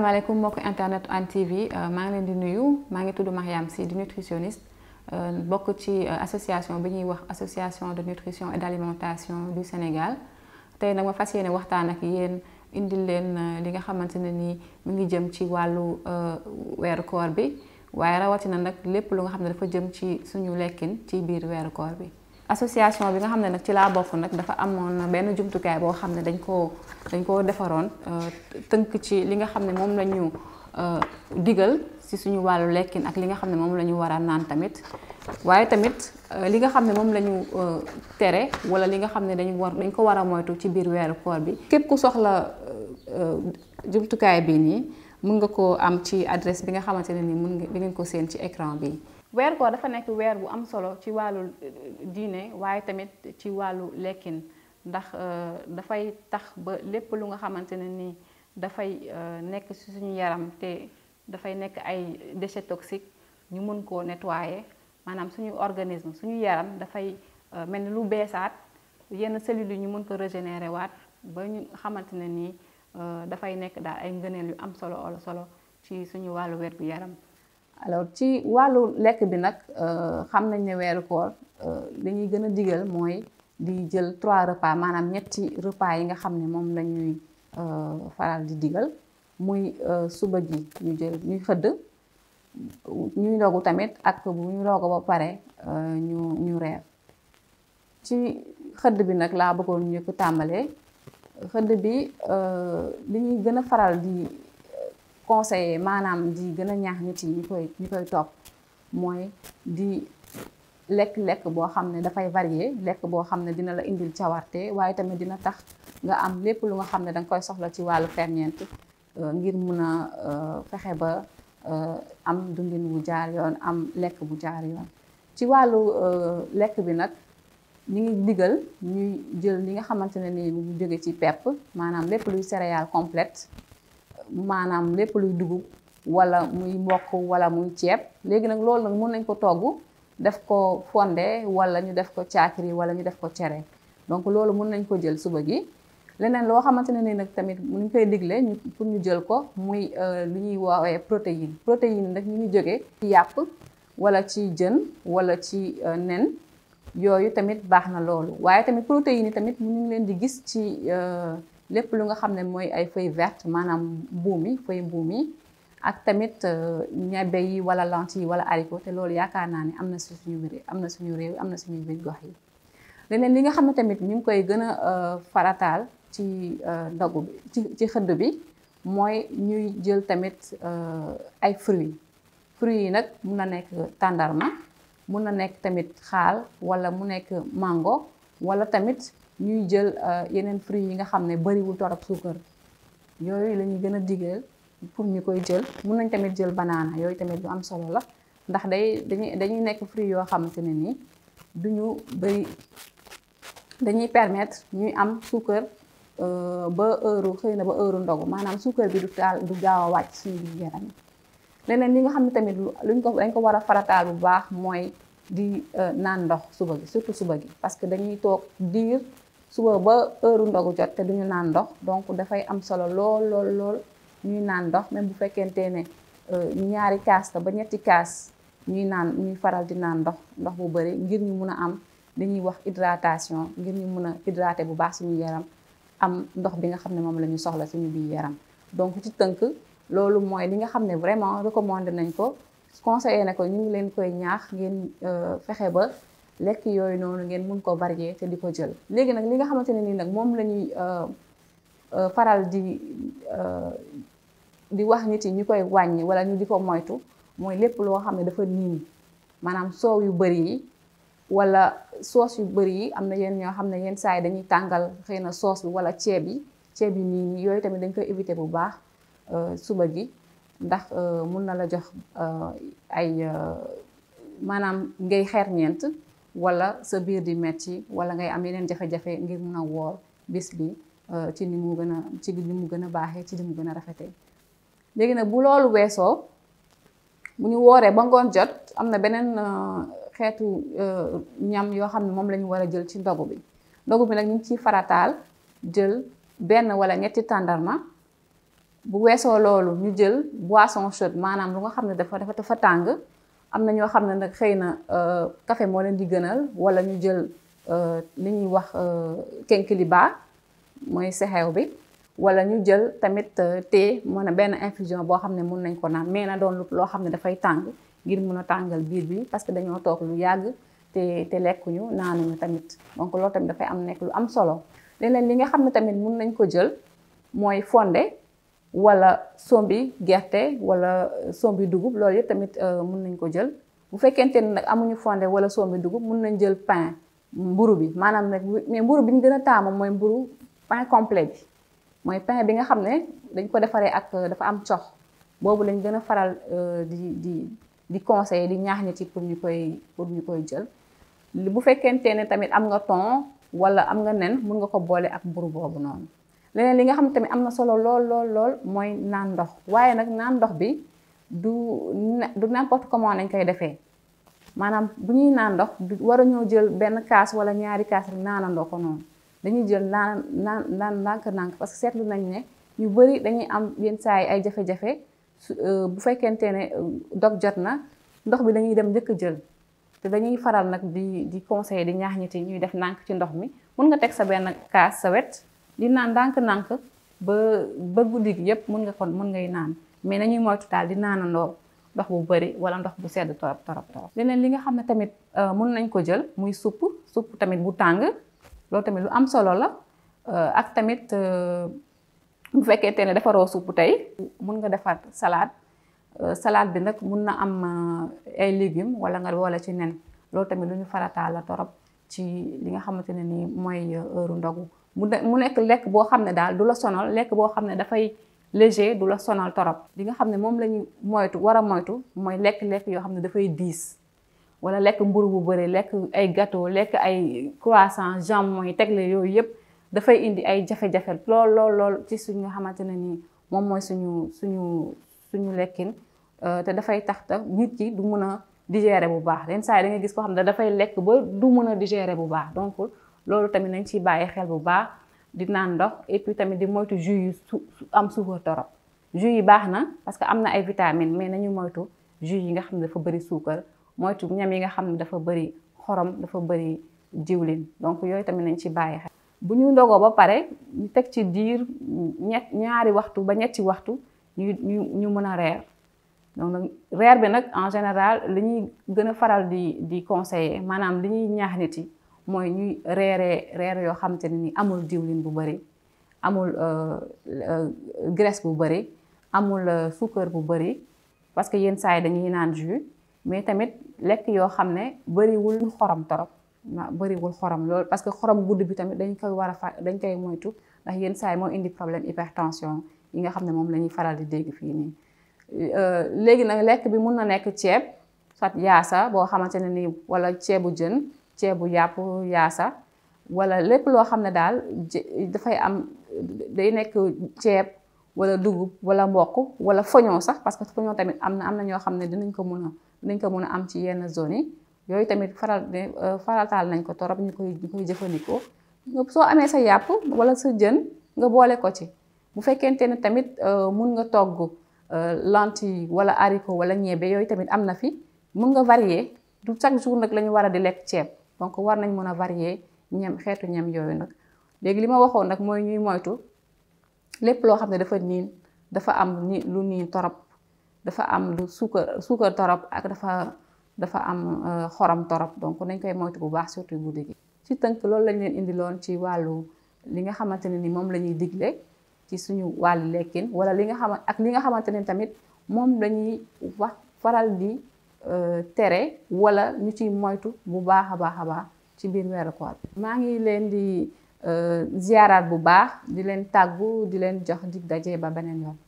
asalaamaaleykum mbokki internet Hann TV euh, maa ngi leen di nuyu maa ngi tudd Mariam Sy di nutritionniste euh, bokk ci euh, association bi ñuy wax association de nutrition et alimentation du Sénégal tey nag ma fas yéene waxtaan ak yéen indi leen li nga xamante ne nii mu ngi jëm ci wàllu weeru koor bi waaye rawatina nag lépp lu nga xam ne dafa jëm ci suñu lekkin ci biir weeru koor bi. association bi nga xam ne nag ci laa bokk nag dafa amoon na benn jumtukaay boo xam ne dañ koo dañ koo defaroon euh, tënk ci li nga xam ne moom la ñu euh, digal si suñu wàllu lekkin ak li nga xam ne moom la ñu war a naan tamit waaye tamit euh, li nga xam ne moom lañu ñu tere wala li nga xam ne dañu war dañ ko war a moytu ci biir weeru koor bi képp ku soxla jumtukaay bii nii mën nga koo am ci adresse bi nga xamante ne nii mun nga ngeen ko seen ci écran bi weer koor dafa nekk weer bu am solo ci wàllu euh, diine waaye tamit ci wàllu lekkin ndax euh, dafay tax ba lépp lu nga xamante ne nii dafay euh, nekk ci suñu yaram te dafay nekk ay déchets ñu mën koo nettoyer maanaam suñu organisme suñu yaram dafay mel ni lu beesaat yenn cellules yi ñu mën ko régénérer waat ba ñu xamante ne nii dafay nekk daal ay ngëneel yu am solo solo ci suñu wàllu wér gu yaram alors ci wàllu lekk bi nag euh, xam nañ ne weeru koor euh, li ñuy gën a digal mooy di jël trois repas maanaam ñetti repas yi nga xam ne moom la ñuy euh, faral di digal muy suba ji ñu jël ñuy xëdd ñuy ndogu tamit ak bu ñu ndogu ba pare ñu ñu reer ci xëdd bi nag laa bëggoon ñu ko tàmbalee xëdd bi li ñuy gën a faral di conseiller maanaam di gën a ñaax nit yi ñu koy ñu koy topp mooy di lekk-lekk boo xam ne dafay varier lekk boo xam ne dina la indil cawarte waaye tamit dina tax nga am lépp lu nga xam ne danga koy soxla ci wàllu ferñeent euh, ngir mun a euh, fexe ba euh, am dundin bu jaar yoon am lekk bu jaar yoon ci wàllu lekk bi nag ñu ngi digal ñuy jël li nga xamante ne ni mu jóge ci pepp maanaam lépp luy céréale complète maanaam lépp luy dugub wala muy mbokk wala muy ceeb léegi nag loolu nag mun nañ ko togg def ko fonde wala ñu def ko caakiri wala ñu def ko cere donc loolu mun nañ ko jël suba gi leneen loo xamante ne ni nag tamit ñu koy digle ñu pour ñu jël ko muy euh, lu ñuy woowee protéine protéine nag ñu ñu jóge ci yàpp wala ci jën wala ci euh, nen yooyu tamit baax na loolu waaye tamit protéine tamit ñu ngi leen di gis ci euh, lepp lu nga xamne ne ay feuille verte manam mbumi yi feuille mbuum ak tamit euh, ñebe yi wala lentille wala haricot té lool yaakaar naa ne na suñu réew amna suñu réew amna suñu biir gox yi leneen li nga xamne ne tamit ñu koy gëna euh, faratal ci euh, ndogu bi ci xëdd bi moy ñuy jël tamit ay fruits fruits nak na nekk tàndarma na tamit xaal wala mu nek mango wala tamit ñuy jël euh, yenen fruits yi nga xamné bari wu torop suukar yoy la ñuy gën a pour ñu koy jël mën nañ tamit jël banana yoy tamit du am solo la ndax day dañuy nekk fruits yo xamanteni ni duñu bari dañuy permettre ñuy am euh ba heure xeyna na ba heure ndogu manam suukar bi du taal du gawa wacc ci suñu biir yaram leneen li nga xam tamit luñ ko dañ ko wara a bu baax moy di euh, nan ndox suba gi surtout suba gi parce que dañuy tok diir suba ba heure ndogu jot te duñu naan ndox donc dafay am solo lool lool ñuy naan ndox même bu fekkente ne euh, ñaari kaas la ba ñetti kaas ñuy naan ñuy faral di naan ndox ndox bu bëri ngir ñu mun a am li ñuy wax hydratation ngir ñu mun a hydraté bu baax suñu yaram am ndox bi nga xam ne moom la ñu soxla suñu biir yaram donc ci tënk loolu mooy li nga xam ne vraiment recommandé nañ ko conseillé na ko ñu ngi leen koy ñaax ngeen euh, fexe ba lekk yooyu noonu ngeen mun koo varier te di ko jël léegi nag li nga xamante ne nii nag moom la ñuy euh, euh, faral di euh, di wax nit yi ñu koy wàññi wala ñu di ko moytu mooy lépp loo xam ne dafa niin maanaam soow yu bëri yi wala soos yu bëri yi am na yenn ñoo xam ne yenn saa yi dañuy tàngal xëy na soos bi wala ceeb yi ceeb yi nii nii yooyu tamit dañ koy éviter bu baax suba gi ndax mun na la jox ay maanaam ngay xeer ñeent wala sa biir di metti wala ngay am yeneen jafe-jafe ngir mun a woor bis bi euh, ci ni mu gën a ci ni mu gën a baaxee ci ni mu gën a rafete léegi nag bu loolu weesoo bu ñu wooree ba ngoon jot am na beneen euh, xeetu euh, ñam yoo xam ne moom lañu war a jël ci ndogu bi ndogu bi nag ñu ciy farataal jël benn wala ñetti tàndarma bu weesoo loolu ñu jël boisson chaude maanaam lu nga xam ne dafa dafa dafa tàng am na ñoo xam ne nag xëy na euh, café moo leen di gënal wala ñu jël euh, li ñuy wax euh, kenkiliba mooy sexew bi wala ñu jël tamit te mën a benn infusion boo xam ne mun nañ ko naan mais na doon loo xam ne dafay tàng ngir mun a tàngal biir bi parce que dañoo toog lu yàgg te te lekkuñu naanuñu tamit donc loolu tamit dafay am nekk lu am solo leneen li nga xam ne tamit mun nañ ko jël mooy fonde wala sombi gerte wala sombi dugub loolu yëpp tamit euh, mun nañ ko jël bu fekkente ne nag amuñu fonde wala sombi dugub mun nañ jël pain mburu bi maanaam nag mais mburu bi ñu gën a taamu mooy mburu pain complet bi mooy pain bi nga xam ne dañ ko defaree ak euh, dafa am cox boobu lañ gën a faral euh, di di di conseiller di ñaax nit yi pour ñu koy pour ñu koy jël bu fekkente ne tamit am nga ton wala am nga nen mun nga ko boole ak mburu boobu noonu leneen li nga xam tamit am na solo lool lool lool mooy naan ndox waaye nag naan ndox bi du du n'importe comment nañ koy defee maanaam bu ñuy naan ndox war a ñoo jël benn kaas wala ñaari kaas rek naanandoo ko noonu dañuy jël naan naan naan ndànk-ndànk parce que seetlu nañ ne ñu bëri dañuy am yenn saa yi ay jafe-jafe euh, bu fekkente ne euh, dog jot na ndox bi dañuy dem njëkk a jël te dañuy faral nag di di conseil di ñaax ñi ñuy def ndànk ci ndox mi mun nga teg sa benn kaas sa di nan dank nank ba ba guddi yep mën nga kon mën ngay nan mais nañuy moytu daal di nanando ndox bu bari wala ndox bu sedd torop torop torop leneen li nga xamne ne tamit euh, mën nañ ko jël muy supp supp tamit bu tang lo tamit lu am solo la euh, ak tamit euh, bu fekkente ne defaroo supp tey mën nga defar salade salade bi nak mën na am ay légumes wala nga wala ci nen lo tamit lu ñu farataal la torop ci li nga xamante ne heure ndogu mu mu nekk lekk boo xam ne daal du la sonal lekk boo xam ne dafay léger du la sonal torop li nga xam ne moom la moytu war a moytu mooy lekk-lekk yoo xam ne dafay diis wala lekk mburu bu bëri lekk ay gâteau lekk ay croissant jambon yi tegle yooyu yëpp dafay indi ay jafe-jafe lool lool lool ci suñu xamante ne nii moom mooy suñu suñu suñu lekkin te dafay tax tax nit ki du mën a digérer bu baax yenn saa yi da nga gis koo xam ne dafay lekk ba du mën a digérer bu baax donc lolu tamit nañ ci baye xel bu baax di nan ndox et puis tamit di moytu jus yu am sucre torop jus yi baxna parce que am na ay vitamines mais nañu moytu jus yi nga xamne dafa bëri sucre moytu ñam yi nga xamne dafa bëri xorom dafa bëri diwlin donc yoy tamit nañ ci baye xel bu ñu ndogo ba pare ñu tek ci dir ñett ñaari waxtu ba ñetti waxtu ñu ñu mëna mën donc reer bi nak en général li ñi gëna faral di di conseiller manam li ñi ñaax nit yi mooy ñuy reeree reer yoo xamante ne ni amul diwlin bu bëri amul euh, euh, graisse bu bëri amul euh, suukar bu bëri parce que yenn saa yi dañuy naan ju mais tamit lekk yoo xam ne bëriwul xorom torop bëriwul xorom loolu parce que xorom gudd bi tamit dañ koy war a fa dañ koy moytu ndax yenn saay yi moo indi problème hypertension yi nga xam ne moom la ñuy faral di dégg fii nii léegi nag lekk bi mun na nekk ceeb soit yaasa boo xamante ne ni wala ceebu jën ceebu yàpp yaasa wala lépp loo xam ne daal dafay am day nekk ceeb wala dugub wala mboq wala foñoo sax parce que foñoo tamit am na am na ñoo xam ne dinañ ko mën a dinañ ko mën a am ci yenn zones yi yooyu tamit faral faraltaal nañ ko torop ñu koy ñu koy jëfandikoo soo amee sa yàpp wala sa jën nga boole ko ci bu fekkente ne tamit euh, mun nga togg euh, lentille wala haricot wala ñebe yooyu tamit am na fi mun nga varier du chaque jour nag la ñu war a di lekk ceeb donc war nañ mën a varier ñam xeetu ñam yooyu nag léegi li ma waxoon nag mooy ñuy moytu lépp loo xam ne dafa niin dafa am ni lu niin torop dafa am lu suukar suukar torop ak dafa dafa am euh, xorom torop donc nañ koy moytu bu baax surtout guddi gi ci tënk loolu lañ leen indiloon ci wàllu li nga xamante ne ni moom la ñuy digle ci suñu wàllu lekkin wala li nga xama ak li nga xamante ne tamit moom lañuy wax faral di Euh, tere wala ñu ciy moytu bu baax a baax a baax ci biir weeru koor maa ngi leen di euh, ziaraat bu baax di leen tàggu di leen jox dig daje ba beneen yoon